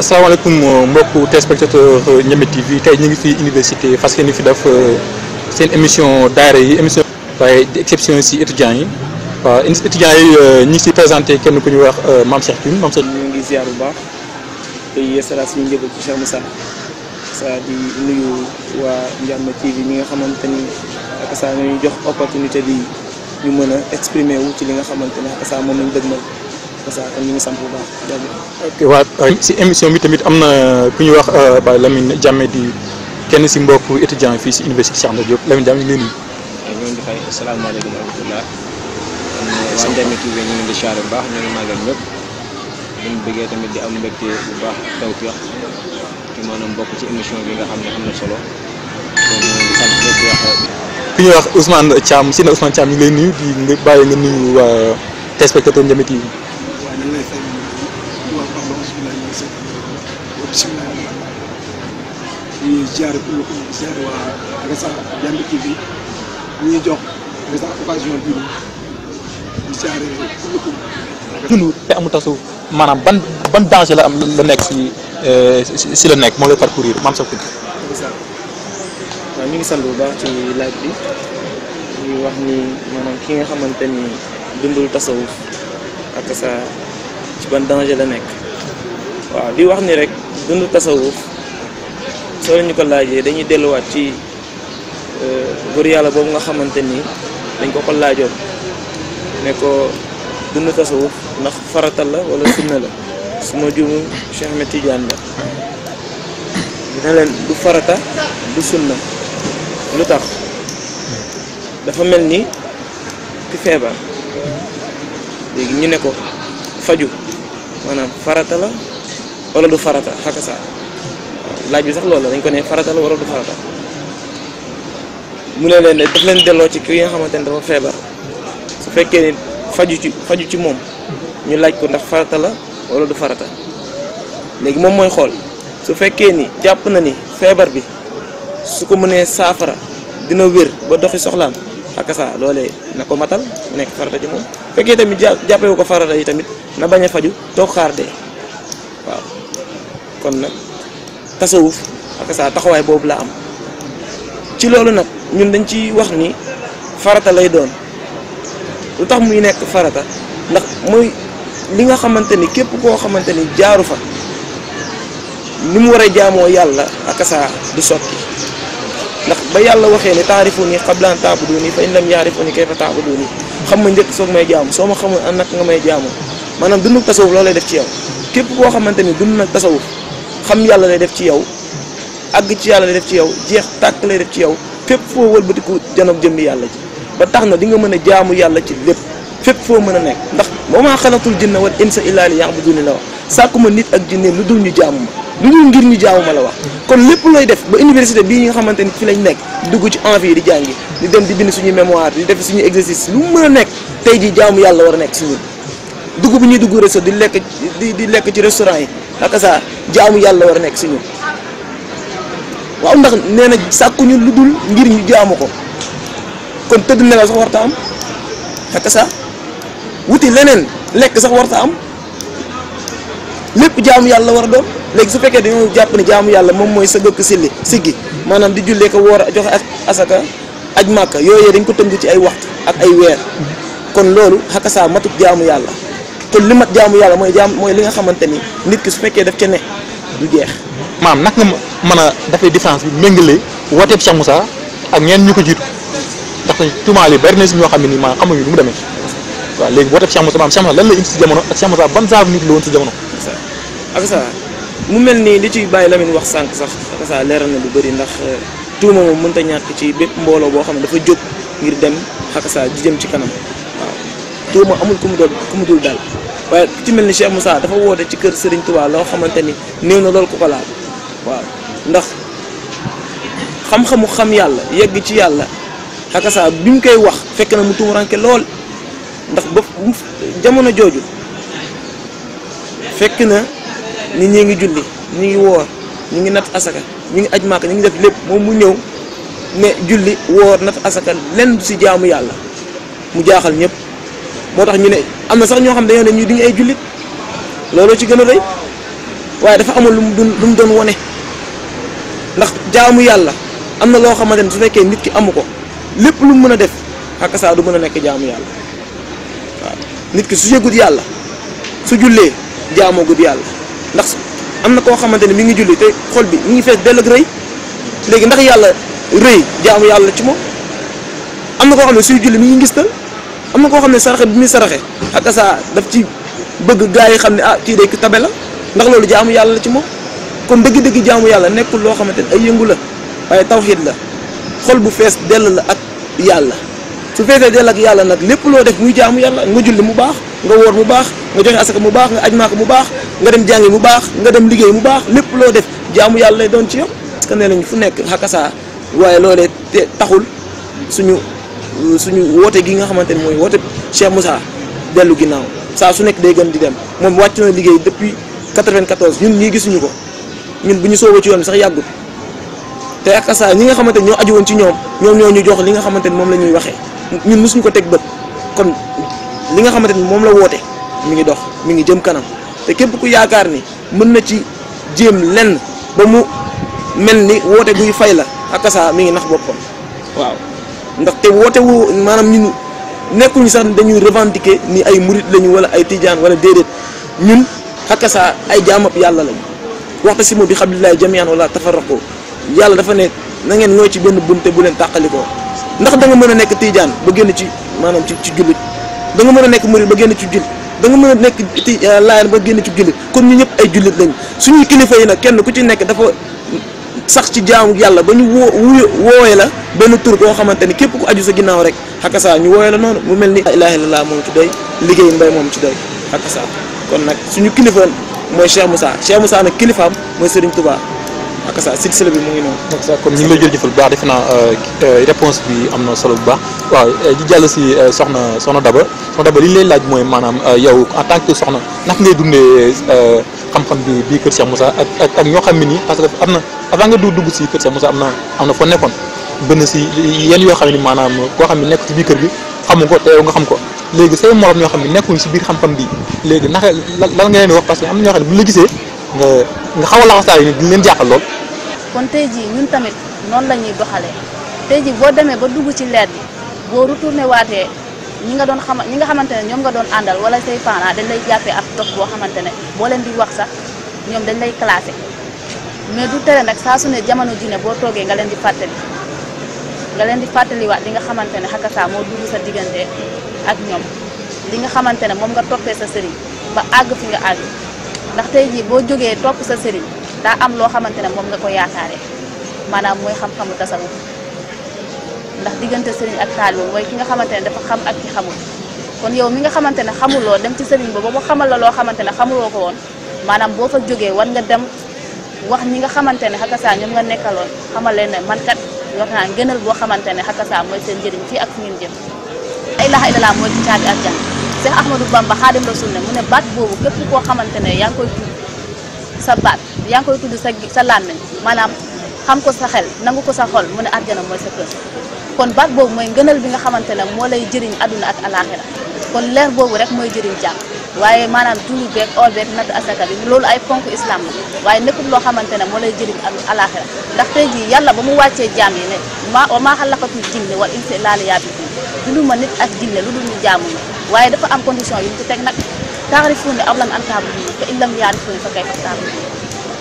Assalamu asalaamaaleykum euh, mbokku téléspectateur euh, Ndiamé TV tay ñu ngi fi université fas yéene fi def euh, seen émission daara yi émission. waaye di exception si étudiants yi. waaw étudiants yi ñi ci si présenté kenn ku ñu wax Mame Cheikh Thioune Mame Cheikh. ñu ngi ziar bu baax te yeesalaat suñu njëbal ci Cheikh Moussa sa di nuyu wa Ndiamé TV ñi nga xamante ak sa ñu jox opportunité bi ñu mëna exprimer wu ci li nga xamante ak sa moom lañ dëgmal. c'est ça sant bu waa euh, si émission bi tamit am na euh, ku ñu wax euh, Baye Lamine Diame di kenn si mbokk étudiant fii si université Cheikh Anta Diop Lamine Diame ñu ngi leen di. ñu ngi bu baax ñu ngi màggal bëggee tamit di am mbégte bu baax tawfeex ci maanaam bokk ci émission bi nga xam ne am na solo. ki ñuy wax usmaan caam si na Ousmane Thiam ñu ngi lay nuyu di bàyyi nga nuyu waa téléspectateur Ndiame waaye ñu ngi lay fay te amul tasu maanaam ban ban danger la am la nekk si euh, si la nekk moo lay parcourir maam sa kuddi. waaw ñu ngi sant bu baax ci laaj bi ñu wax ni maanaam ki nga xamante ni dundul tasawuf ak ci ban danger la nekk waaw li wax ni rek dund tasawuf soo la ñu ko laajee dañuy delluwaat ci góor euh, yàlla boobu nga xamante ni dañ ko ko laajoo ne ko dund tasawuf ndax farata la wala sunna la suma ma juumul Cheikh la ne leen du farata lu tax dafa mel ni ki feebar léegi ñu ne ko faju maanaam farata la wala du farata xaka sa laaj bi sax loolu la dañ ko ne farata la wala du farata ne leen leen delloo ci ki nga xamante ne dafa feebar su fekkee faju ci faju ci moom ñu laaj ko ndax farata la wala du farata léegi moom mooy xool su fekkee ni jàpp na ni feebar bi su ko mënee saafara dina wér ba doxi soxlaam xaka sa loolee na ko matal mu nekk farata ci moom fekkee tamit jàppewu ko farata yi tamit na baña faju toog xaar waaw kon nak tasawuf ak sa taxaway bobu la am ci lolu nak ñun dañ ci wax ni farata lay doon lutax muy nek farata ndax muy li nga xamanteni kep ko xamanteni jaaru fa ni wara war yalla ak sa du soti ndax ba yalla waxe ni tarifu ni xablaan taabu duni fa in lam kayfa xam ma sok may jaamu ma nga may jaamoo maanaam dund tasawuf loolu lay def ci yow képp koo xamante ni dund nag tasawuf xam yàlla lay def ci yow àgg ci yàlla lay def ci yow jeex tàkk lay def ci yow fépp foo wëlbatiku janoog jëmmi yàlla ji ba tax na di nga mën a jaamu yàlla ci lépp fépp foo mën a nekk ndax wa maa xalaqtul jinna wal insa illaa liya'buduuni la wax sàkkuma nit ak jinne lu dul ñu jaamu ma lu dul ngir ñu jaamu la wax kon lépp looy def ba université bii ñi nga xamante ni fi lañ nekk dugg ci envie di jàngi di dem di bind suñu mémoire di def suñu exercice lu mën a nekk tey ji jaamu yàlla nekk si dugub bu ñuy dugg restaurant di lekk di di lekk ci restaurant yi naka saa jaamu yàlla war a nekk si ñun waaw ndax nee na sàkkuñu lu dul ngir ñu jaamu ko kon tëdd nelaw sax warta am naka wuti leneen lekk sax warta am lépp jaamu yàlla war a doon léegi su fekkee dañoo jàpp ne jaamu yàlla moom mooy sa gëkk silli siggi maanaam di jullee ko woor a joxe ak asaka aj màkka yooyu dañ ko tënk ci ay waxtu ak ay weer kon loolu xakasaa matuk jaamu yàlla kon li mat jaamu yàlla mooy jaam mooy li nga xamante ni nit ki su fekkee def ca ne du jeex. maam naka nga mën a defee différence bi méngale wooteeb Cheikh ak ñeen ñu ko jiitu ndax tumaal yi bari na si xam ne nii maanaam xamuñu lu mu demee waaw léegi wooteeb Cheikh Moussa maam Cheikh lan la indi si jamono ak Cheikh Moussa ban saabu nit la woon si jamono. ak sa mu mel nii li ciy bàyyi la Lamine wax sànq sax ak sa leeral na lu bari ndax euh, tuuma moom mënta ñàkk ci bépp mbooloo boo xam ne dafa jóg ngir dem xakasa ji jëm ci kanam dooma amul ku mu doon dul dal waaye ku ci melni Cheikh Moussa dafa wote ci keur Serigne Touba lo xamanteni ni néew na loolu ku ko laal waaw ndax xam-xamu xam yalla yegg ci yalla xakasa bi mu koy wax fekk na mu ranke lol ndax ba jamono joju fekk na ni ñi ngi julli ñi ngi wor ñi ngi nat asaka ñi ngi aj maaka ñi ngi def lepp mo mu ñew ne julli wor nat asaka len du si jaamu yalla mu jaaxal ñepp motax ñu ne amna sax ño xam dañu ne ñu diñ ay julit loolu ci gëna reuy waye dafa amul lu lu doon wone ndax jaamu yàlla amna lo loo su fekke nit ki amuko lépp lu mu mën def xàq sa du mëna nek jaamu yàlla nit ki su yëgut yàlla su jullee jaamoo gud yàlla ndax amna ko koo mi ngi julli te xol bi mi ngi fess dell reuy rëy ndax yàlla reuy jaamu yàlla ci mo amna ko koo su julli mi ngi gistal am na koo xam ne saraxe bi muy saraxe ak asa daf ci bëgg gars yi xam ne ah kii day tabe la ndax loolu jaamu yàlla la ci moom kon dëgg-dëgg jaamu yàlla nekkul loo xamante ne ay yëngu la waaye tawxiid la xol bu fees dell la ak yàlla su feesee dell ak yàlla nag lépp loo def muy jaamu yàlla nga julli mu baax nga woor mu baax nga joxe asaka mu baax nga aj maaka mu baax nga dem jàngi mu baax nga dem liggéey mu baax lépp loo def jaamu yàlla lay doon ci yow parce que nee fu nekk xakasa waaye loolee taxul suñu suñu woote gi nga xamante ni mooy woote Cheikh Moussa dellu ginnaaw saa su nekk day gën di dem moom wàcc na liggéey depuis 94 ñun ñii gisuñu ko ñun bu ñu soobee ci yoon bi sax yàggut te ak saa ñi nga xamante ni ñoo aju woon ci ñoom ñoom ñoo ñu jox li nga xamante ni moom la ñuy waxee ñun mësuñu ko teg bët kon li nga xamante ni moom la woote mi ngi dox mi ngi jëm kanam te képp ku yaakaar ni mën na ci jéem lenn ba mu mel ni woote guy fay la ak saa mi ngi nax boppam waaw. ndaxte woote wu maanaam ñun nekkuñu sax dañuy revendiquer ni ay murit lañu wala ay tijaan wala déedéet ñun xakkasaa ay jaamab yàlla lañu waxta si moom bi xablillaay jamian wala tafarraqu yàlla dafa ne na ngeen ñooy ci benn bunte bu leen tàqalikoo ndax da nga mën a nekk tijaan ba génn ci maanaam ci ci jullit da mën a nekk murit ba génn ci jullit da mën a nekk ti eh, laayaan ba génn ci jullit kon ñu ñëpp ay jullit su suñuy kilifa yi nag kenn ku ci nekk dafa sax ci jaamu yàlla ba ñu woo wooyee la benn tur koo xamante ni képp ku aju sa ginnaaw rek xakasa ñu wooyee la noonu mu mel ni la illallah moom ci doy liggéeyu mbay moom ci doy xakasa kon nag suñu kilifa mooy Cheikh Moussa Cheikh Moussa nag kilifaam mooy Serigne Touba akasa silsila bi mu ngi noonu. akasa kon ñu ngi lay jël bu baax defe naa euh, euh, réponse bi am na solo bu baax waaw ji euh, jàll si soxna soxna Daba soxna Daba li ñu laaj mooy maanaam yow en tant que soxna nak ngay dundee xam-xam bi bii kër Cheikh Moussa ak ak ak ñoo xam ne nii parce que am na avant nga dugg si kër Cheikh Moussa am na am na foo nekkoon bënn si yenn yoo xam ni maanaam koo xam ne nekk ci kër bi xamu ko te yow nga xam ko léegi say morom ñoo xam ne nekkuñ si biir xam-xam bi léegi naka lan nga leen wax parce am na ñoo xam ne bu la nga nga xaw a laxasaayu nit ñu leen jaaxal lool. kon tey jii ñun tamit noonu la ñuy doxalee tey jii boo demee ba dugg ci leer bi boo retourné waatee ñi nga doon xama ñi nga xamante ne ñoom nga doon àndal wala say parents dañ lay jàppee ab dof boo xamante ne boo leen di wax sax ñoom dañ lay classé mais du tere nag saa su ne jamono ji ne boo toogee nga leen di fàttali nga leen di fàttaliwaat li nga xamante ne xakasa moo dugg sa diggante ak ñoom li nga xamante ne moom nga toppee sa sëriñ ba àgg fi ndax tey jii boo jógee topp sa sëriñ daa am loo xamante ne moom nga ko yaakaaree maanaam mooy xam-xamu tasawuf ndax diggante sëriñ ak taalibe mooy ki nga xamante ne dafa xam ak xamul kon yow mi nga xamante ne xamuloo dem ci sëriñ ba ba mu xamal loo xamante ne xamuloo ko woon maanaam boo fa jógee war nga dem wax ñi nga xamante ne xakasaa ñoom nga nekkaloon xamal leen ne man yor naa gënal boo xamante ne xakasaa mooy seen njëriñ fii ak fu ngeen jëm ay laxa mooy ci caabi ak jàng Cheikh Ahmadou Bamba Xaadim Rasul ne mu ne baat boobu képp koo xamante ne yaa ngi koy tudd sa baat yaa ngi koy tudd sa sa làmmiñ maanaam xam ko sa xel nangu ko sa xol mu ne àjjana mooy sa kër kon baat boobu mooy ngënal bi nga xamante ne moo lay jëriñ àdduna ak alaaxira kon leer boobu rek mooy jëriñ jàmm waaye maanaam julli beeg ool beeg natt asaka bi loolu ay ponk islam la waaye nekkul loo xamante ne moo lay jëriñ ak alaaxira ndax tey jii yàlla ba mu wàccee jaam yi ne ma wa maa xalaqatul jinne wal insa illaa dundu ma nit ak jinne lu dul ñu jaamu waaye dafa am condition yi ñu ko teg nag taarifuuni am lam an taabuduuni fa in lam yaarifuuni fa kayfa taabuduuni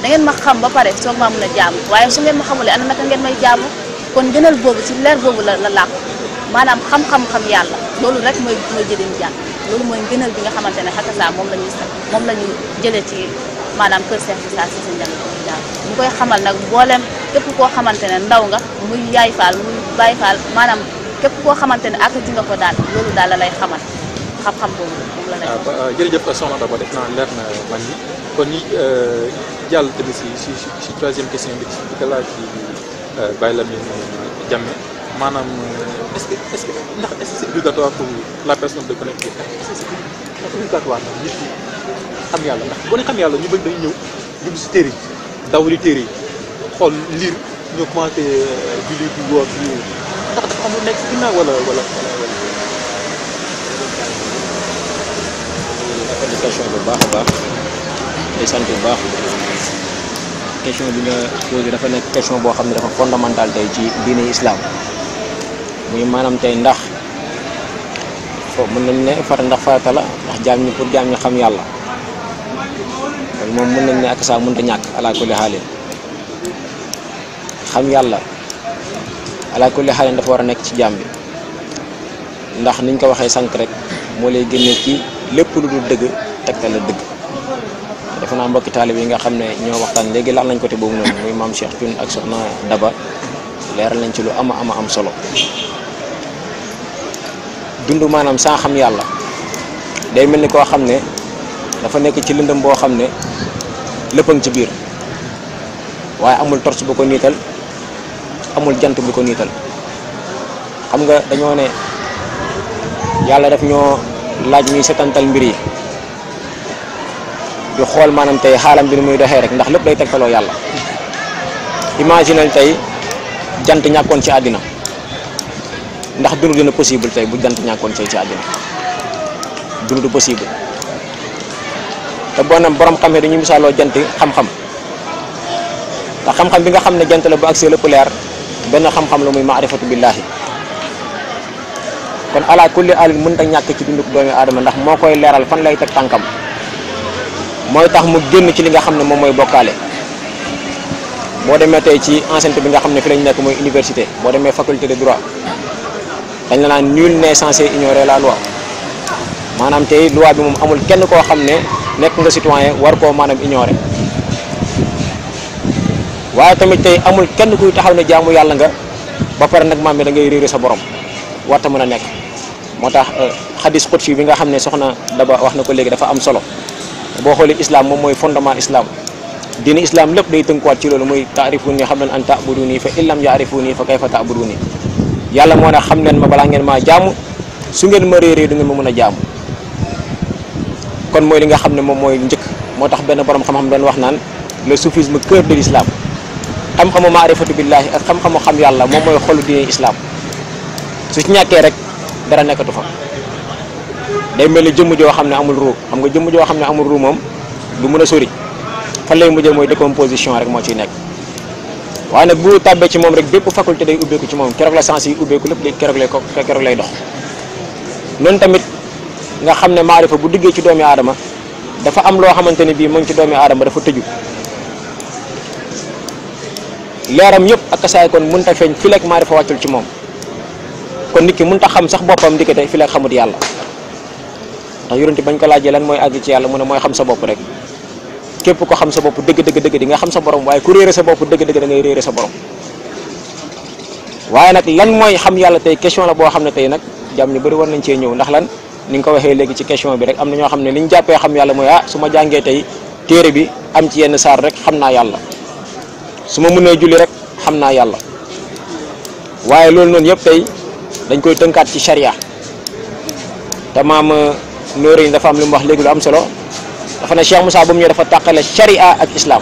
da ngeen ma xam ba pare soog ma mun a jàmm waaye su ngeen ma xamulee ana naka ngeen may jàmm kon gënal boobu ci leer boobu la la làqu maanaam xam-xam-xam yàlla loolu rek mooy mooy jëriñ jàng loolu mooy gënal bi nga xamante ne xakasa moom la ñuy sax moom la ñu jëlee ci maanaam kër Seex Isaa si sa njàng koy xamal nag mboolem képp koo xamante ne ndaw nga muy yaay faal muy baay faal képp koo xamante ne àq ji nga ko daal loolu daal la lay xamal xam-xam boobu moom la lay. Ah, leer na man kon ñi euh, jàll tamit si si si bi di ko laaj maanaam est que est que ndax est-ce que c'est la personne de connecter est-ce xam yàlla ndax boo ne xam yàlla ñu bëgg dañu ñëw jublu si téere yi dawali téere yi xool liir ñoo commencé julli euh, di woo tax dafa lu question baax baax day bu baax question bi nga posé dafa nekk question boo xam ne dafa fondamental tey ci diine islam muy maanaam tey ndax foofu mun nañ ne far ndax farata la ndax jaam ñi pour jaam ñi xam yàlla loolu moom mën nañ ne ak saa mënta ñàkk alaa kulli xam yàlla. ala kulli halin dafa wara nek ci jambi ndax niñ ko waxe sank rek mo lay gënne ci lepp lu du deug tegtal la dëgg defe naa mbokki taalibe yi nga xamne ño waxtan waxtaan lan lañ ko te boobu noonu muy mam Cheikh tun ak soxna Daba leeral nañ ci lu ama ama am solo dundu manam sa xam yalla day melni ko xamne dafa nek ci lëndëm bo xamne leppang ci bir waye amul torche bu ko nital amul jant bu ko nital xam nga dañu ne Yalla daf ñoo laaj ñuy setantal mbir yi di xool maanaam tey xaalam bi muy doxé rek ndax lepp lay tegtaloo yalla imagine tay jant ñakoon ci adina ndax dund dina possible tay bu jant ñakoon ci adina àddina du possible da bonam borom xamé dañu misalo jant xam-xam te xam-xam bi nga xamné jant la bu accès lépp leer benn xam-xam la muy maarifatu billaahi kon ala kulli alin mënta ñàkk ci dunduk doomi aadama ndax moo koy leeral fan lay teg tànkam mooy tax mu génn ci li nga xam ne moom mooy bokkaale boo demee tey ci enceinte bi nga xam ne fi lañ nekk mooy université boo demee faculté de droit dañ la naan nul n'est censé ignorer loi maanaam tey loi bi moom amul kenn koo xam ne nekk nga citoyen war koo maanaam ignorer waye tamit tay amul kenn kuy taxaw na jaamu yalla nga ba pare nak mamé da ngay réeré sa borom warta mëna nek motax hadith euh, qudsi bi nga xamné soxna daba wax na ko dafa am solo bo xolé islam mom moy fondement islam Dini islam lepp day teunkuat ci lolu moy ta'rifu ni xamna leen an taabudu fa illam ya'rifuni fa kayfa ta'buduni yalla mo na xam ma bala ngeen ma jaamu su ngeen ma reere du ngeen ma meuna jaamu kon moy li nga xamne mom moy ñeuk motax ben borom xam-xam ben wax naan le soufisme cœur de l'islam xam-xamu maarifatu billaahi ak xam-xamu xam yàlla moom mooy xolu diine islaam su ci ñàkkee rek dara nekkatu fa day mel ni jëmm joo xam ne amul ruu xam nga jëmm joo xam ne amul ruu moom du mën a sori fan lay mujjee mooy décomposition rek moo ciy nekk waaye nag bu tàbbee ci moom rek bépp faculté day ubbeeku ci moom keroog la sens yi ubbeeku lépp day keroog lay ko keroog lay dox noonu tamit nga xam ne maarifa bu diggee ci doomi aadama dafa am loo xamante ne bii mu ngi ci doomi aadama dafa tëju leeram yëpp ak kasaay kon mënut a feeñ fii leeg maarifa wàccul ci moom kon nit ki mënut a xam sax boppam ndikete fii leeg xamut yàlla ndax yonent bañ ko laajee lan mooy àgg ci yàlla mu ne mooy xam sa bopp rek képp ko xam sa bopp dëgg dëgg dëgg di xam sa borom waaye ku sa bopp dëgg dëgg da ngay sa borom waaye nag lan mooy xam yàlla tey question la boo xam ne tey nag jàmm ñu bëri war nañ cee ñëw ndax lan ni nga ko waxee léegi ci question bi rek am na ñoo xam ne li ñu jàppee xam yàlla mooy ah su ma jàngee tey téere bi am ci yenn saar rek xam naa yàlla suma mëne julli rek xamna yalla waye lool non noonu tay dañ koy teunkat ci sharia ta mama euh, noori dafa am lu wax legui lu am solo dafa na Cheikh Moussa bamu ñu dafa takale sharia ak islam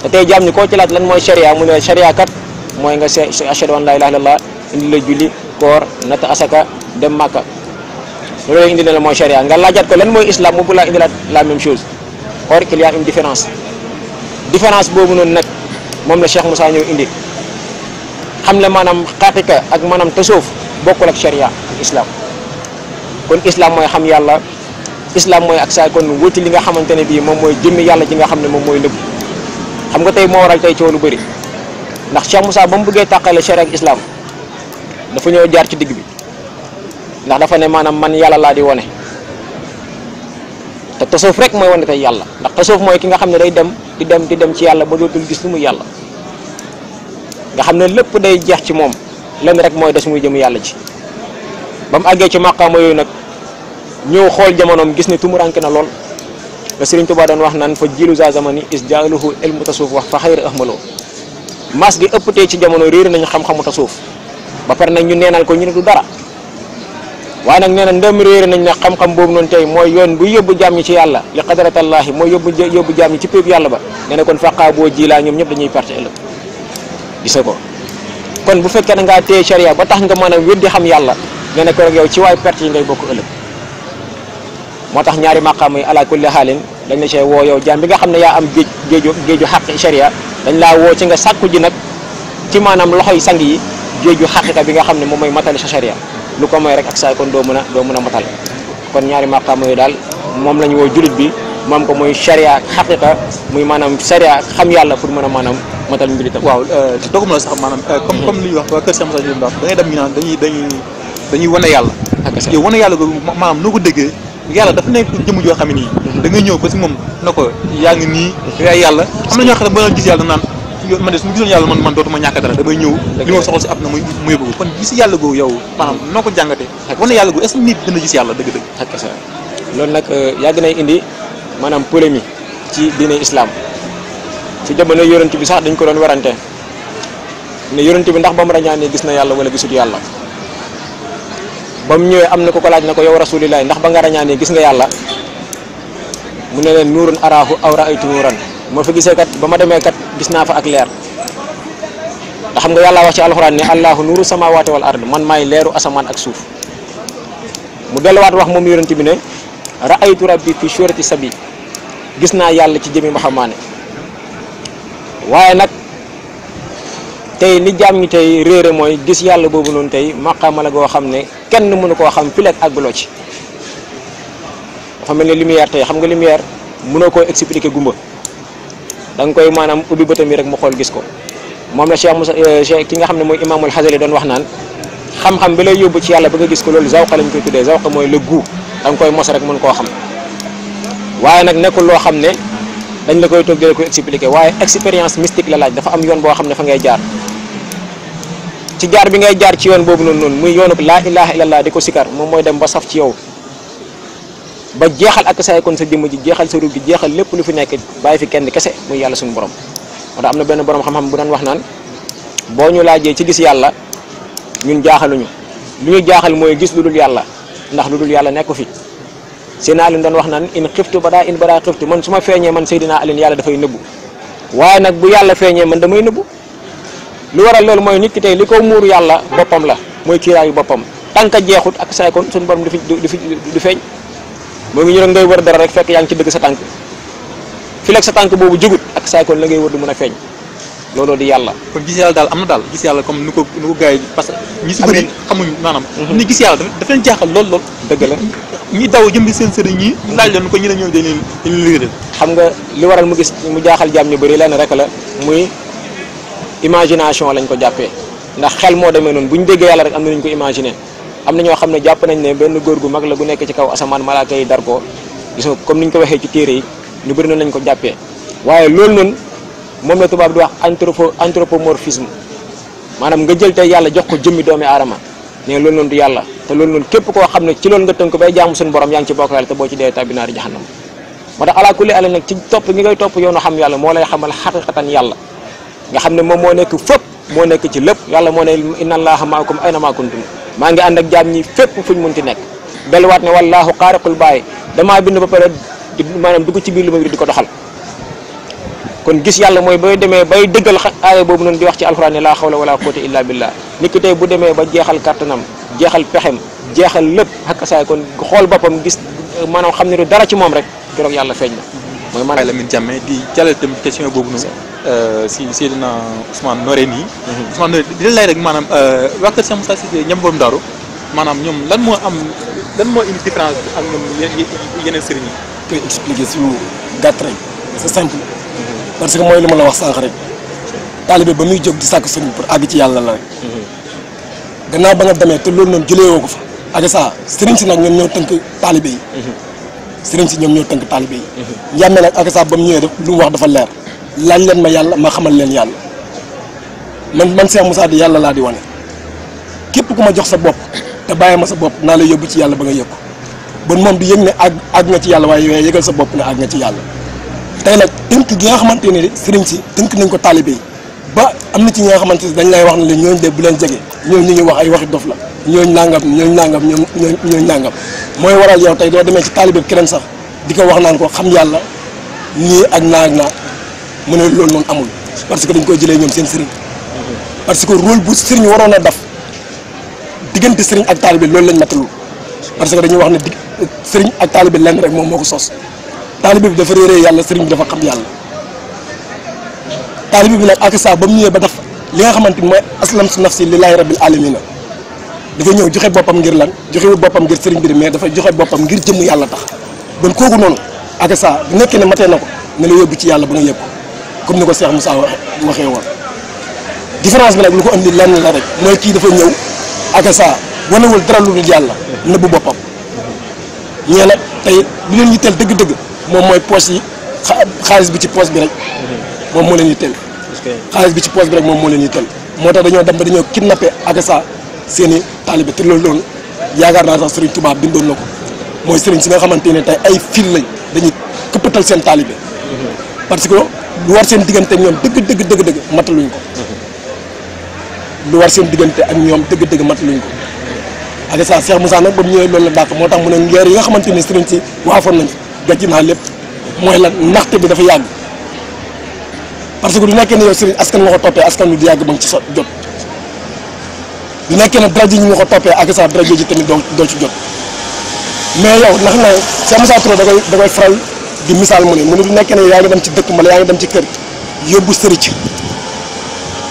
te tay jaam ñi koo ci lat lan moy sharia mu ne sharia kat moy nga se ashhadu an la ilaha illallah indi la julli koor nata asaka dem makka loolu indi na la moy sharia nga laajaat ko lan moy islam mu bu laa indi la la même chose or qu'il y a une différence différence bobu non nak mom la cheikh Moussa ñëw indi xam le manam xaatika ak manam tasawuf bokkul ak sharia islam kon islam moy xam yalla islam moy ak sa kon wuti li nga xamantene bi mom moy mooy yalla ji nga xamne mom moy lepp xam nga tay mo waral tay ci wonu bari ndax cheikh Moussa bam bëggee sharia ak islam dafa ñëw jaar ci digg bi ndax dafa ne manam man yalla la di woné ta tasawuf rek moy woné tay yalla ndax tasawuf moy ki nga xamne day dem di dem di dem ci yalla ba dootul gis mu yalla nga xam ne lépp day jeex ci moom lenn rek mooy des muy jëm yàlla ci ba mu àggee ci màqaama yooyu nag ñëw xool jamonoom gis ne tumuranke na lool la Sëriñ Tuubaa doon wax naan fa jilu za zamani is jaaluhu ilmu tasuuf wax fa xayra ahmaloo mas gi ëpp tey ci jamono réer nañu xam-xamu tasuuf ba pare nag ñu neenal ko ñu ne du dara waaye nag nee na ndem réer nañ ne xam-xam boobu noonu tey mooy yoon bu yóbbu jaam ñi ci yàlla li qadaratallaahi mooy yóbbu yóbbu jaam ñi ci péeb yàlla ba nee na kon faqaa boo ji laa ñoom ñëpp dañuy perte ëllëg gise ko kon bu fekkee da ngaa téye charia ba tax nga mën a weddi xam yàlla nee na ko rek yow ci waay perte yi ngay bokk ëllëg moo tax ñaari maqaam yi ala kulli dañ la see woo yow jaam bi nga xam ne yaa am géej géeju géeju xaq charia dañ laa woo ci nga sàkku ji nag ci maanaam yi sang yi géeju xaqiqa bi nga xam ne moom mooy matali sa charia lu ko mooy rek ak saay kon doo mën a doo mën a matal kon ñaari maqaam yooyu daal moom la ñu woo bi maam ko muy charia ak xaqiqa muy maanaam charia ak xam yàlla pour mën a maanaam matal mbir itam. waaw euh, dogum la sax maanaam. Euh, comme hmm. comme li ñuy wax waa Kër Samba Sadio Ndaw da ngay dem ñu naan dañuy dañuy dañuy wane yàlla. ak yow wane yàlla googu maanaam noo ko déggee. yàlla dafa nekk jëmm joo xam ne nii. Hmm. da ngay ñëw ba si moom na ko yaa ngi nii. yaay yàlla am na ñoo xam ne boo gis yàlla naan man de su ma gisoon yàlla man man dootuma ñàkk dara damay ñëw li ma soxla si ab na muy muy bëgg kon gis yàlla googu yow maanaam noo ko jàngatee wane yàlla googu est-ce que nit dina gis yàlla dëgg-dëgg loolu nag euh, yàgg nay indi maanaam mi ci dina islam ci jamono yonent bi sax dañ ko doon warante ne yonent bi ndax ba mu rañaanee gis na yàlla wala gisut yàlla ba mu ñëwee am na ko ko laaj na ko yow rasulilaay ndax ba nga rañaanee gis nga yàlla mu ne leen nuurun araahu aw raaytu nuuran ma fa gisee kat ba ma demee kat gis naa fa ak leer ndax xam nga yàlla wax ci alxuraan ne allahu nuuru samaawaati wal ard man maay leeru asamaan ak suuf mu delluwaat wax moom yonent bi raaytu rabbi fi surati sabi gis naa yàlla ci jëmi maxamaane waaye nag tey ni jaam ñi tey réere mooy gis yàlla boobu noonu tey maqaama la goo xam ne kenn mënu koo xam fileeg àgguloo ci dafa mel ni lumière tey xam nga mu mënoo koo expliquer gumba da nga koy maanaam ubbi bëtam yi rek mu xool gis ko moom na Cheikh Moussa euh, ki nga xam ne mooy imaamul Xasali doon wax naan xam-xam bi lay yóbbu ci yàlla ba nga gis ko loolu zawqa lañ koy tuddee zawqa mooy le goût da nga koy mos rek mën koo xam waaye nag nekkul loo xam ne dañ la koy toog di ko expliquer waaye expérience mystique la laaj dafa am yoon boo xam ne fa ngay jaar ci jaar bi ngay jaar ci yoon boobu noonu noonu muy yoonu laa ilaha illallah di ko sikar moom mooy dem ba saf ci yow ba jeexal ak say kon sa jëmm ji jeexal sa ruug gi jeexal lépp lu fi nekk bàyyi fi kenn kese muy yàlla suñu borom moo tax am na benn borom xam-xam bu daan wax naan boo ñu laajee ci gis yàlla ñun jaaxaluñu lu ñu jaaxal mooy gis lu dul yàlla ndax lu dul yàlla nekku fi Seydina Alioune doon wax naan in xiftu ba daa in ba daa xiftu man su ma feeñee man Seydina Alioune yàlla dafay nëbbu waaye nag bu yàlla feeñee man damay nëbbu lu waral loolu mooy nit ki tey li ko muur yàlla boppam la mooy kiiraayu boppam tànka jeexut ak say kon suñu borom du fi du fi feeñ moo ngi ñu rek ngay wër dara rek fekk yaa ngi ci dëgg sa tànk fi lekk sa tànk boobu jugut ak say kon la ngay wër du mën a feeñ looloo di yàlla kon gis yàlla daal am na daal gis yàlla comme nu ko ko gars que ñi si bëri xamuñu maanaam mhm. ni gis yàlla daf leen jaaxal lool lool dëgg la ñi daw jëm di seen sëriñ ñi mhm. laaj leen ko ñi ne ñoom dañ lii dañ leen xam nga li waral mu gis mu jaaxal jaam ñu bëri lenn rek la muy imagination lañ ko jàppee ndax xel moo demee noonu bu ñu déggee yàlla rek am na ñu ko imaginer am na ñoo xam ne jàpp nañ ne benn góor gu mag la gu nekk ci kaw asamaan malaaka yi dar ko gis comme ni ñu ko waxee ci téere yi ñu bëri noonu lañ ko jàppee moom la tubaab di wax anthropo anthropomorphisme maanaam nga jël tey yàlla jox ko jëmmi doomi aadama ne loolu noonu du yàlla te lool noonu képp koo xam ne ci lool nga tënk bay jaamu suñu borom yaa ngi ci bokk yàlla te boo ci dee tàbbi naari jahannam moo ngay topp yoonu xam yàlla moo lay xamal xaqiqatan yàlla nga xam ne moom moo nekk fépp moo nekk ci lépp yàlla moo ne inna allaha maakum ayna ma kuntum maa ngi ànd ak jaam ñi fépp fuñ munti nekk delluwaat ne wallaahu xaariqul bàyyi damaa bind ba pare maanaam dugg ci biir ma di ko doxal kon gis yalla moy boy deme bay deugal ay bobu non di wax ci alquran la hawla wala quwwata illa billah niki tay bu deme ba jexal kartanam jexal pexem jexal lepp ak say kon xol bopam gis manam xamni ne dara ci mom rek keroog yalla feeñ na mooy la min jamme di jàllal tam question non euh si Seydina Ousmane Noré nii mhm. Ousmane di lay rek manam euh Kër Cheikh Moussa Cissé ñam borom daru manam ñom lan mo am lan mo indi différence ak ñom yeneen serigne yi. expliquer suñu gàtt rek c'est simple parce que mooy li ma la wax sànq rek taalibe ba muy jóg di sàkk sëriñ pour àgg ci yàlla la rek gannaaw ba nga demee te loolu noonu jëlee woo ko fa ak saa sëriñ si nag ñoom ñoo tënk taalibe yi sëriñ si ñoom ñoo tënk taalibe yi njàmme nag ak saa ba mu ñëwee def wax dafa leer laaj leen ma yàlla ma xamal leen yàlla man man Cheikh Moussa di yàlla laa di wane képp ku ma jox sa bopp te bàyyi ma sa bopp naa la yóbbu ci yàlla ba nga yëg ko bon moom di yëg ne àgg àgg nga ci yàlla waaye yooyu yëgal sa bopp ne àgg nga ci yàlla tey nag tënk gi nga xamante ne sëriñ si tënk nañ ko taalibe yi ba am na ci ñi nga xamante ne dañ lay wax ne la ñooñu de bu leen jege ñooñu ñu ngi wax ay waxi dof la ñooñu nangam ñooñu nangam ñooñu ñooñu mooy waral yow tey doo demee ci taalibe keneen sax di ko wax naan ko xam yàlla nii ak naa ak naa mu ne loolu noonu amul parce que dañ koy jëlee ñoom seen sëriñ parce que rôle bu sëriñ waroon a def diggante sëriñ ak taalibe loolu lañ matalul parce que dañuy wax ne dig sëriñ ak taalibe lenn rek moom moo ko sos taalibe bi dafa réeree yàlla sëriñ bi dafa xam yàlla taalibe bi nag ak saa ba mu ñëwee ba def li nga xamante ni mooy aslam su nafsi lillahi rabbil alamina dafa ñëw joxe boppam ngir lan joxewul boppam ngir sëriñ bi mais dafa joxe boppam ngir jëmm yàlla tax bon kooku noonu ak saa bu nekkee ne matee na ko ne la yóbbu ci yàlla ba nga yëpp comme ni ko Cheikh Moussa waxee woon différence bi nag lu ko indi lenn la rek mooy kii dafa ñëw ak saa wanewul dara lu dul yàlla nëbbu boppam ñee nag tey li leen yitteel dëgg-dëgg moom mooy poche yi xaalis bi ci poche bi rek moom moo leen yitteel xaalis bi ci poche bi moom moo leen yitteel moo tax dañoo dem ba dañoo kidnappé ak sa seen i taalibe te loolu noonu yaakaar naa sax Serigne Touba bindoon na ko mooy Serigne si nga xamante ne tey ay fil lañ dañuy këppatal seen taalibe parce que lu seen diggante ak ñoom dëgg dëgg dëgg dëgg mataluñ ko lu war seen diggante ak ñoom dëgg dëgg mataluñ ko ak sa Cheikh Moussa nag ba mu ñëwee loolu la dàq moo tax mu ne ngeer yi nga xamante ne Serigne si waafoon nañu gàcce naa lépp mooy la naxte bi dafa yàgg parce que du nekkee ne yow sëriñ askan nga ko toppee askan wi di yàgg ba nga ci sa jot du nekkee ne ñu nga ko toppee sa daraja ji tamit doo doo ci jot mais yow ndax na Cheikh Moussa Touré da koy faral di misaal mu ne mu ne du nekkee ne yaa ngi dem ci dëkk mbala yaa ngi dem ci kër yóbbu sëriñ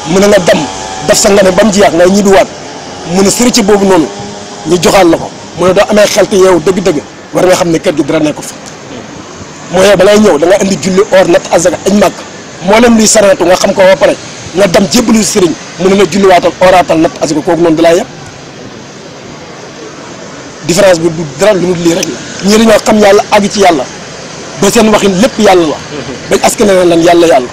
mu ne nga dem def sa nga ne ba mu jiyaat nga ñibbiwaat mu ne sëriñ boobu noonu ñu joxaal la ko mu ne doo amee xel te yow dëgg-dëgg war nga xam ne kër gi dara nekkul fa. mooy yow ngay ñëw da nga indi julli or natt azaka añ màgg moo leen luy saratu nga xam ko ba pare nga dem jébbalu sëriñ mu ne la julliwaatal oraatal natt azaka kooku noonu da laa yëpp différence bi du dara lu dul lii la xam yàlla àgg ci yàlla ba seen waxin lépp yàlla la bañ askan leen lan yàlla yàlla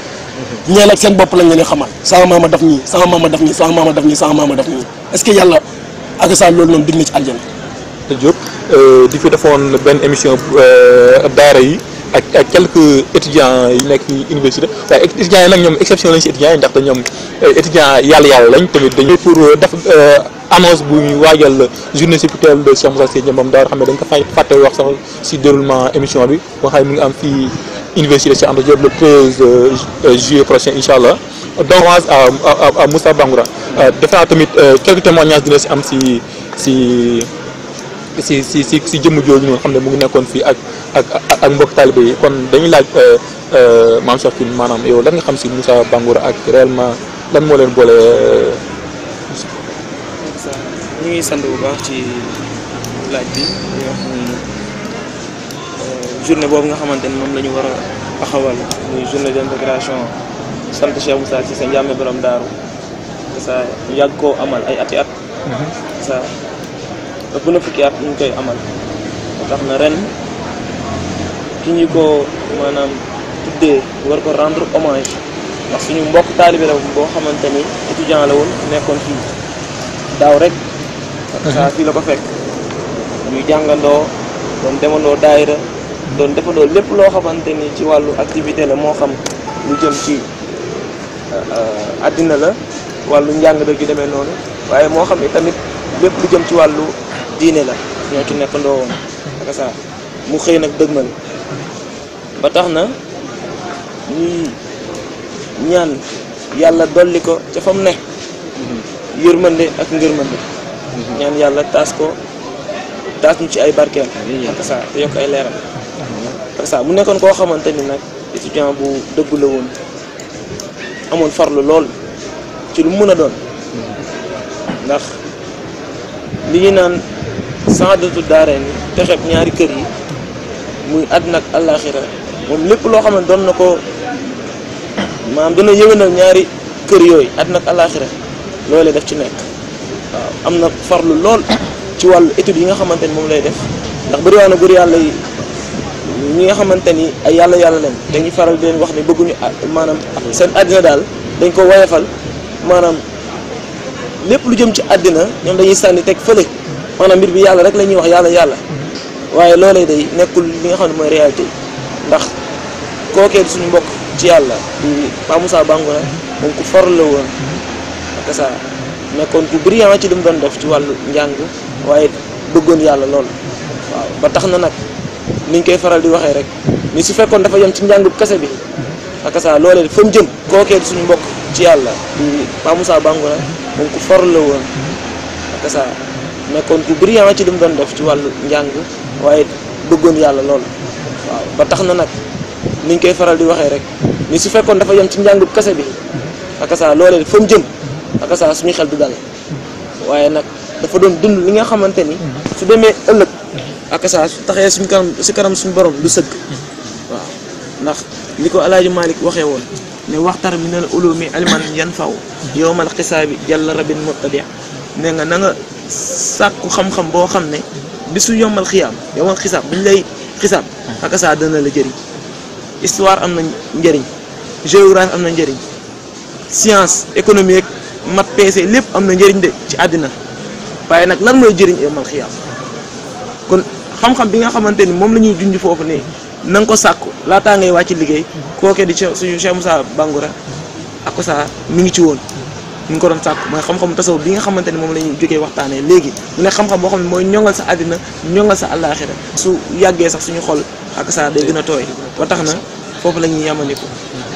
ñeen nag seen bopp lañ leen xamal sama maama daf ñii sama maama daf ñii sama maama daf ñii sama maama daf ñii est-ce que yàlla ak saa loolu noonu digg na ci aljana Diop euh, di fi defoon benn émission euh, daara yi ak ak quelques étudiants yi nekk ci université waaye étudiants yi nag ñoom exception lañ si étudiants yi ndaxte ñoom euh, étudiants yàlla yàlla lañ tamit dañu pour euh, def euh, annonce bu ñu waajal journée culturelle de Cheikh Moussa Dieng moom daal xam ne dañ ko fay fàtte wax sax si déroulement émission bi boo xam ne mu ngi am fii université Cheikh Anta Diop le 13 juillet prochain incha allah d'hommage à à Moussa Bangoura defe naa tamit quelques témoignages dina si am si si si si si si jëmm jooju noonu xam ne mu ngi nekkoon fii ak. ak ak mbokk talibé yi kon dañuy laaj euh, euh, maam Cheikh Tine maanaam yow lan nga xam si Moussa Bangoura ak réellement lan moo leen boole. Euh, ñu ngi sant bu baax ci laaj bi journée boobu nga xamante moom la war a taxawal muy journée d' intégration sant Cheikh Moussa ci sa njàmme borom daaru sa yàgg koo amal ay ati at. Mhm. sa ëpp na fukki at ñu koy amal tax na ren. ki ñu ko maanaam tuddee war ko rendre hommage ndax suñu mbokk taalibe la boo xamante ni étudiant la woon nekkoon fii daaw rek mhm. saa fii la ko fekk ñuy jàngandoo doon demandoo daayira doon defandoo lépp loo xamante ni ci wàllu activité la moo xam lu jëm ci euh, àddina la wàllu njàng la ju demee noonu waaye moo xam ni tamit lépp lu jëm ci wàllu diine la ñoo ci nekkandoo woon ak saa mu xëy nag dëgmal ba tax na ñuy ñaan yàlla dolli ko ca fa mu ne yërmande ak ngërmande ñaan yàlla taas ko taas ñu ci ay barkeel ak saa te mu nekkoon koo xamante ni nag étudiant bu dëggula la woon amoon farlu lool ci lu mun a doon ndax li ñu naan saadatu daare ni ñaari kër yi muy àddina ak àllaaxira moom lépp loo xam ne doon na ko maanaam dina yëwénal ñaari kër yooyu àddina ak àllaaxira loolee def ci nekk waaw am na farlu lool ci wàllu études yi nga xamante ni moom lay def ndax bëriwaa na bëri yàlla yi ñi nga xamante ni ay yàlla yàlla leen dañuy faral di leen wax ne bëgguñu ah, maanaam seen àddina daal dañ ko wayefal maanaam lépp lu jëm ci àddina ñoom dañuy sànni teg fële maanaam mbir bi yàlla rek la ñuy wax yàlla yàlla waaye loolee day nekkul li nga xam ne mooy réalité ndax kookee suñu mbokk ci yàlla di Pa Moussa Bangoura moom ku woon ak nekkoon ku brillant ci li mu def ci wàllu njàng waaye bëggoon yàlla lool waaw ba tax na nag niñ koy faral di waxee rek ni su fekkoon dafa yem ci njàngu kese bi ak ça loolee fa mu jëm suñu mbokk ci yàlla di Pa Moussa Bangoura moom ku farlu la woon ak ça nekkoon ku brillant ci li mu doon def ci wàllu njàng waaye bëggoon yàlla lool ba tax na nag niñ koy faral di waxe rek ni su fekkon dafa yam ci njàngub kasse bi ak sa lolé fa mu jëm ak sa suñu xel du dal waye nak dafa doon dund li nga xamanteni su démé ëlëk ak sa su taxé suñu karam karam suñu borom du waaw nak ko malik waxé won ne waxtar min al ulumi ilman yanfa yawm al qisab jalla rabbil muttadia ne nga na nga sakku xam-xam bo bisu yomal khiyam yomal khisab buñ lay xisaab ak saa dana la jëriñ histoire am na njëriñ géographie am na njëriñ science économie ak mat PC lépp am na njëriñ de ci àddina waaye nag lan mooy jëriñ yawmal xiyaam kon xam-xam bi nga xamante ni moom la ñuy junj foofu ne na nga ko sàkku laataa ngay wàcc liggéey kooke di suñu Cheikh Moussa ra ak mu ngi ci woon ñu ko doon sàkk mooy xam-xam tasaw bi nga xamante ne moom la ñu jógee waxtaanee léegi mu ne xam-xam boo xam ne mooy ñongal sa àddina ñongal sa àllaaxira su yàggee sax suñu xol ak saa day gën a tooy ba tax na foofu la ñuy yamandiku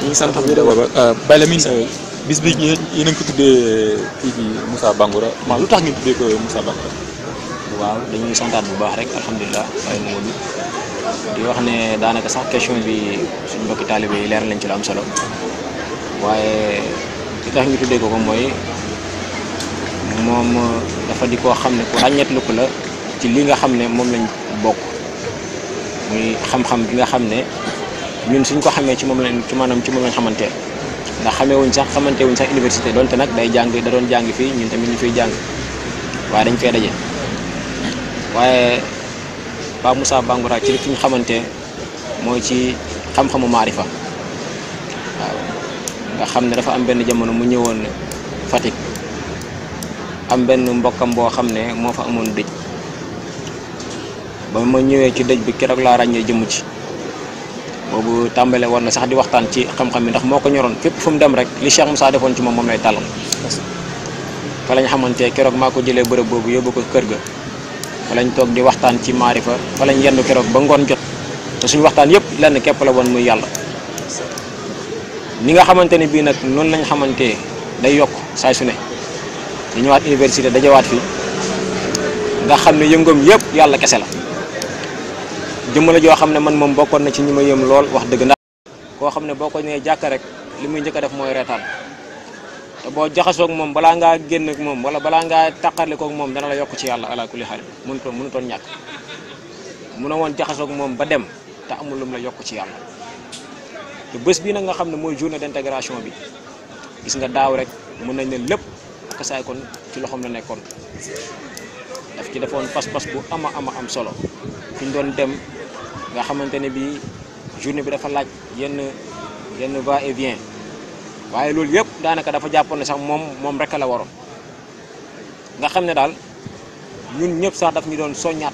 ñu ngi sant bu euh, Baye Lamine bis bi yéen a ko tuddee kii bi Moussa Bangoura ma lu tax ngeen tuddee ko Moussa Bangoura waaw dañuy santaat bu baax rek alhamdulilah Baye Mamadou di wax ne daanaka sax question bi suñu mbokki talibé yi leer lañ ci lu am solo waaye li tax ñu tuddee ko ko mooy moom dafa di koo xam ne ku ràññeetlu ko la ci lii nga xam ne moom lañ bokk muy xam-xam bi nga xam ne ñun suñ ko xamee ci moom lañ ci maanaam ci moom lañ xamante nga xamee wuñ sax xamante wuñ sax université donte nag day jàng da doon jàng fii ñun tamit ñu fiy jàng waaye dañ fee daje waaye Pape Moussa Bangoura ci li fi ñu xamante mooy ci xam-xamu maarifa nga xamne dafa am benn jamono mu ñëwoon fatik am benn mbokam bo xamne mo fa amone dej ba ma ñëwee ci dej bi kérok la rañé jëm ci bobu tambalé won na sax di waxtaan ci xam-xam yi ndax moko ñoroon fu mu dem rek li Cheikh Moussa defoon ci mom moom lay tàllal fa lañ xamanté kérok mako jëlé bëre bobu yobu ko kër ga fa lañ tok di waxtaan ci maarifa fa lañ yendu kérok ba ngon jot te suñu waxtaan yépp lenn képp la won muy yalla ni nga xamanteni bi nak non lañ xamanté day yok say suné ne ñu ñëwaat université dajawaat fi nga xamné yëngum yépp yalla kessé la jëmmala jo xamné man mom bokkon na ci ñima yëm lool wax dëgg ndax ko xamné boko ñé ko rek li ñëk def moy def mooy bo jaxaso ak mom bala nga genn ak mom wala balaa ko ak mom dana la yok ci yalla ala kulli xaal mënu ton ñak mun won jaxaso ak mom ba dem ta amul lum la yok ci yalla te bés bii nag nga xam ne mooy journée d'intégration bi gis nga daaw rek mën nañ ne lépp ak saay kon ci loxoom la nekkoon daf ci defoon pas-pas bu ama ama am solo fi ñu doon dem nga xamante ne bii journée bi dafa laaj yenn yenn va et vient waaye loolu yëpp daanaka dafa jàppoon ne sax moom moom rek la waroon nga xam ne daal ñun ñëpp sax daf ñu doon soññaat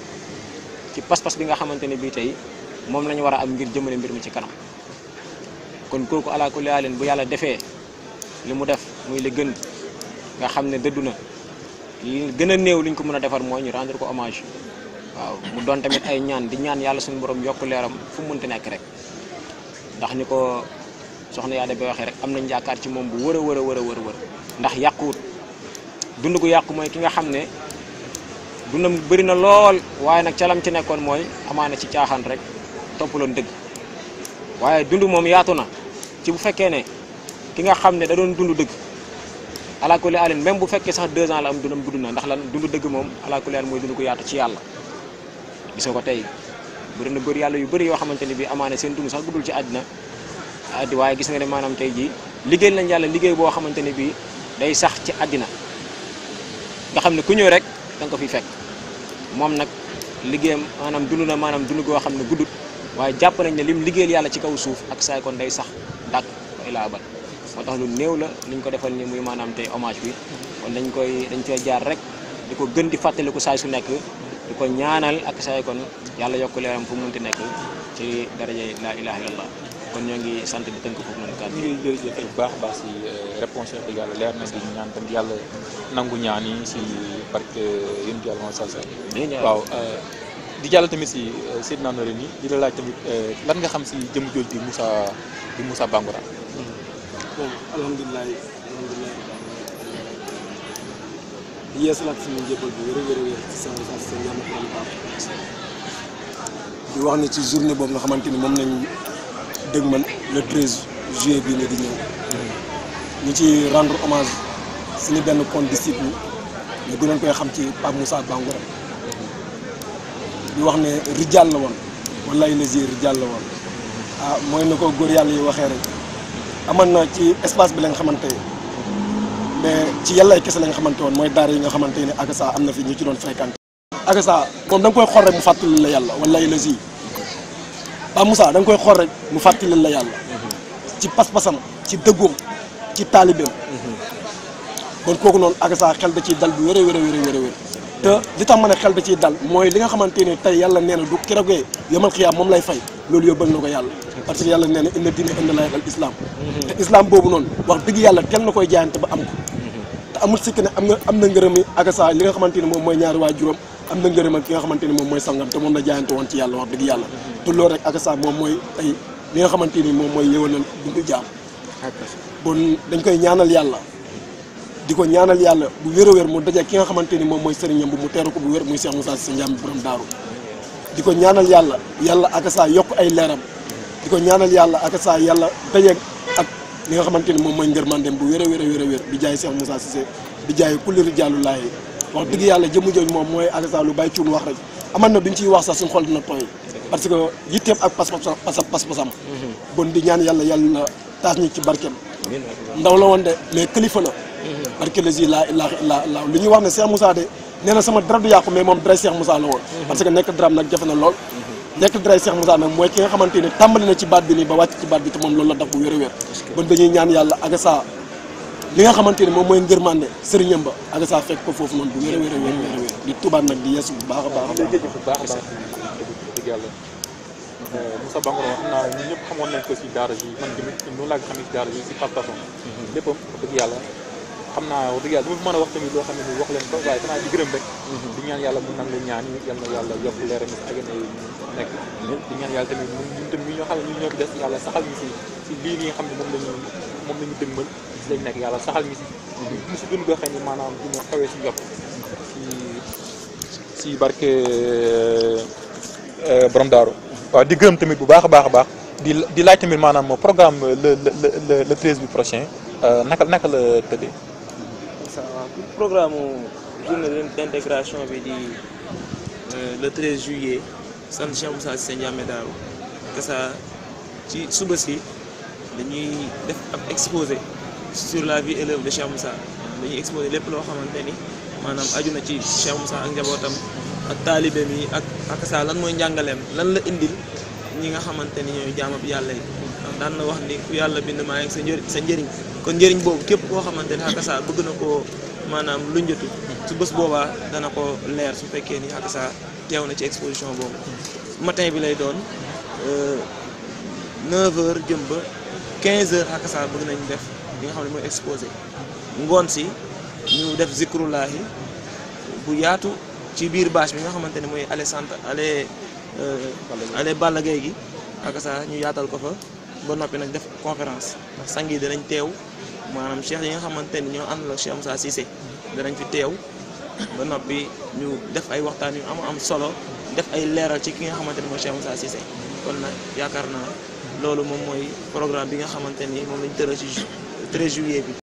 ci pas-pas bi nga xamante ne bii tey moom la ñu war a am ngir jëmale mbir mi ci kanam. kon kooku ala kulli haalin bu yàlla defee li mu def muy li gën nga xam ne dëddu na li gën a néew luñ ko mën a defar mooy ñu rendre ko hommage waaw mu doon tamit ay ñaan di ñaan yàlla suñu boroom yokk leeram fu mu mënti nekk rek ndax ñu ko soxna yaa de ba waxee rek am nañ yaakaar ci moom bu wër a wër a wër a wër wër ndax yàquwut dund gu yàqu mooy ki nga xam ne dundam bëri na lool waaye nag calam ci nekkoon mooy amaana ci caaxaan rek toppaloon dëgg waaye dund moom yaatu na ci bu fekkee ne ki nga xam ne da doon dund dëgg alaakulli alin même bu fekkee sax deux ans la am dundam gudd na ndax lan dund dëgg moom alaakulli alin mooy dund ko yaatu ci yàlla gisoo ko tey bëri na góor yàlla yu bari yoo xamante ne bi amaane seen dund sax guddul ci àddina addi waaye gis nga ne maanaam tey jii liggéey lañ yàlla liggéey boo xamante ne bi day sax ci àddina nga xam ne ku ñëw rek da ko fi fekk moom nag liggéeyam maanaam dund na maanaam dund goo xam ne guddut waye japp nañ ne lim liggéeyal yalla ci kaw suuf ak say kon day sax dak ila ba motax lu neew la niñ ko defal ni muy manam tay hommage bi kon dañ koy dañ ci jaar rek diko gën di ko say su nek diko ñaanal ak say kon yalla yokku leeram fu munti nek ci daraje la ilaha illallah kon ñoo ngi sante di tënk foofu ka kàddu jël jërëjëf bu baax baax si euh, réponse yi yalla leer na di ñaan tam yalla nangu ñaan yi si barke yalla mo moo sal waaw di jàll tamit si euh, Seydina Noreyni di la laaj tamit euh, lan nga xam si jëm jooj di musa di Moussa Bangoura. bon alhamdulilah bi wax ne ci journée boobu nga xamante ni moom nañu dëgg man le 13 juillet bii ne di ñëw ñu ci rendre hommage suñu benn compte disciple ñu gënoon koy xam ci Pape Moussa Bangoura di wax ne rijal la woon wallaay la si rijal la woon ah mooy na koo góor yàlla yi waxee rek aman na ci espace bi la nga xamante mais ci yàlla kese la nga xamante woon mooy daar yi nga xamante ne Agassa am na fi ñu ci doon fréquenté. Agassa moom da nga koy xool rek mu fàttali la yàlla wallaay la si Ba Moussa da nga koy xool rek mu fàttali la yàlla ci pas-pasam ci dëggoom ci taalibeem mhm. kon kooku noonu saa xel da ciy dal bu wér a wér a te li tax ma ne xel da ciy dal mooy li nga xamante ne tey yàlla nee na du kerogee yomal xiyaam moom lay fay loolu yóbbal na ko yàlla parce que yàlla nee na inna diine inda laay al islam te islam boobu noonu wax dëgg yàlla teel na koy jaayante ba am ko te am na am na ngërëmi agasa li nga xamante ne moom mooy ñaari waa juróom am na xamante ne moom mooy sangam te moom la jaayante woon ci yàlla wax dëgg yàlla te loolu rek agasa moom mooy tey li nga xamante ni moom mooy yëwanal dundu jaam bon dañ koy ñaanal yàlla di ko ñaanal yàlla bu wér a mu daje ki nga xamante ni moom mooy sëriñam bu mu teeru ko bu wér muy Cheikh Moussa Cissé Ndiamé borom daaru di ko ñaanal yàlla yàlla ak saa yokk ay leeram di ko ñaanal yàlla ak saa yàlla daje ak li nga moom mooy ngërmandem bu wér a wér a wér a wér di jaay Cheikh Moussa Cissé di jaay kulli rijaalu laahi wax dëgg yàlla jëmu jooju moom mooy ak saa wax rek aman na duñ ciy wax sax que yitteem ak pas pas-pasam mhm. bon taas ñu ci barkeem ndaw la woon de mais kilifa la barke lasi laa ilaaha illa allah li ñuy wax ne Cheikh Moussa de nee na sama dara du yàqu mais moom dara Cheikh Moussa la woon mhm. parce que nekk dara nag jafe na lool mhm. nekk dara Cheikh Moussa mooy ki nga xamante ne tàmbali ba wàcc ci a wér bon xamante ne moom mooy ngërmande sëriñam ba ak sa ko foofu noonu bu wér a wér a wér a wér di tubaat nag di yeesu bu baax a baax a baax Moussa Bangoura wax naa ñun ñëpp xamoon nañ ko si yàlla xam naa wax tamit loo xam ne ni wax leen ko waaye xanaa di gërëm rek mhm. di ñaan yàlla mu nangu ñaan yi yal na yàlla yokk leeram yi ak ñu nekk mhm. di ñaan yàlla tamit ñun tamit ñoo ne ñun ñoo fi des yàlla saxal ñu si si yàlla saxal ñu si musu dun goo xam maanaam du ma xawee si yokk si si barke euh, borom daaru mhm. waaw di gërëm tamit bu baax a baax a baax di di laaj tamit maanaam programme le le le le treize bi prochain euh, naka naka la tëddee programme journée d'intégration bi di euh, le 13 juillet sant Cheikh Moussa Cissé Ndiamé Darou Kasa ci suba si dañuy def ab exposé sur la vie et de de Cheikh Moussa dañuy exposé lépp loo xamante ni maanaam aju na ci Cheikh Moussa ak njabootam ak taalibe mi ak ak Kasa lan mooy njàngaleem lan la indil ñi nga xamante ni ñooy jaamab yàlla yi ndax daan na wax ni ku yàlla bind maa sa njëriñ sa njëriñ kon njëriñ boobu képp koo xamante ni bëgg na ko maanaam lu lunjatu su bës boobaa dana ko leer su fekkee ni ak saa teew na ci exposition boobu matin bi lay doon 9h euh, jëm ba 15h ak saa bëgg nañ def bi nga xam ne mooy exposé ngoon si ñu def zikrullahi bu yaatu ci biir bâche bi nga xamante ne mooy allée centre allée euh, allée Balla Gaye gi ak ñu yaatal ko fa ba noppi nag def conférence ndax sang danañ teew maanaam cheikh yi nga xamante ni ñoo àndal ak Cheikh Moussa Cissé danañ fi teew ba noppi ñu def ay waxtaan yu am am solo def ay leeral ci ki nga xamante ni mooy Cheikh Moussa Cissé kon nag yaakaar naa loolu moom mooy programme bi nga xamante ni moom lañu tëral ci juillet bi.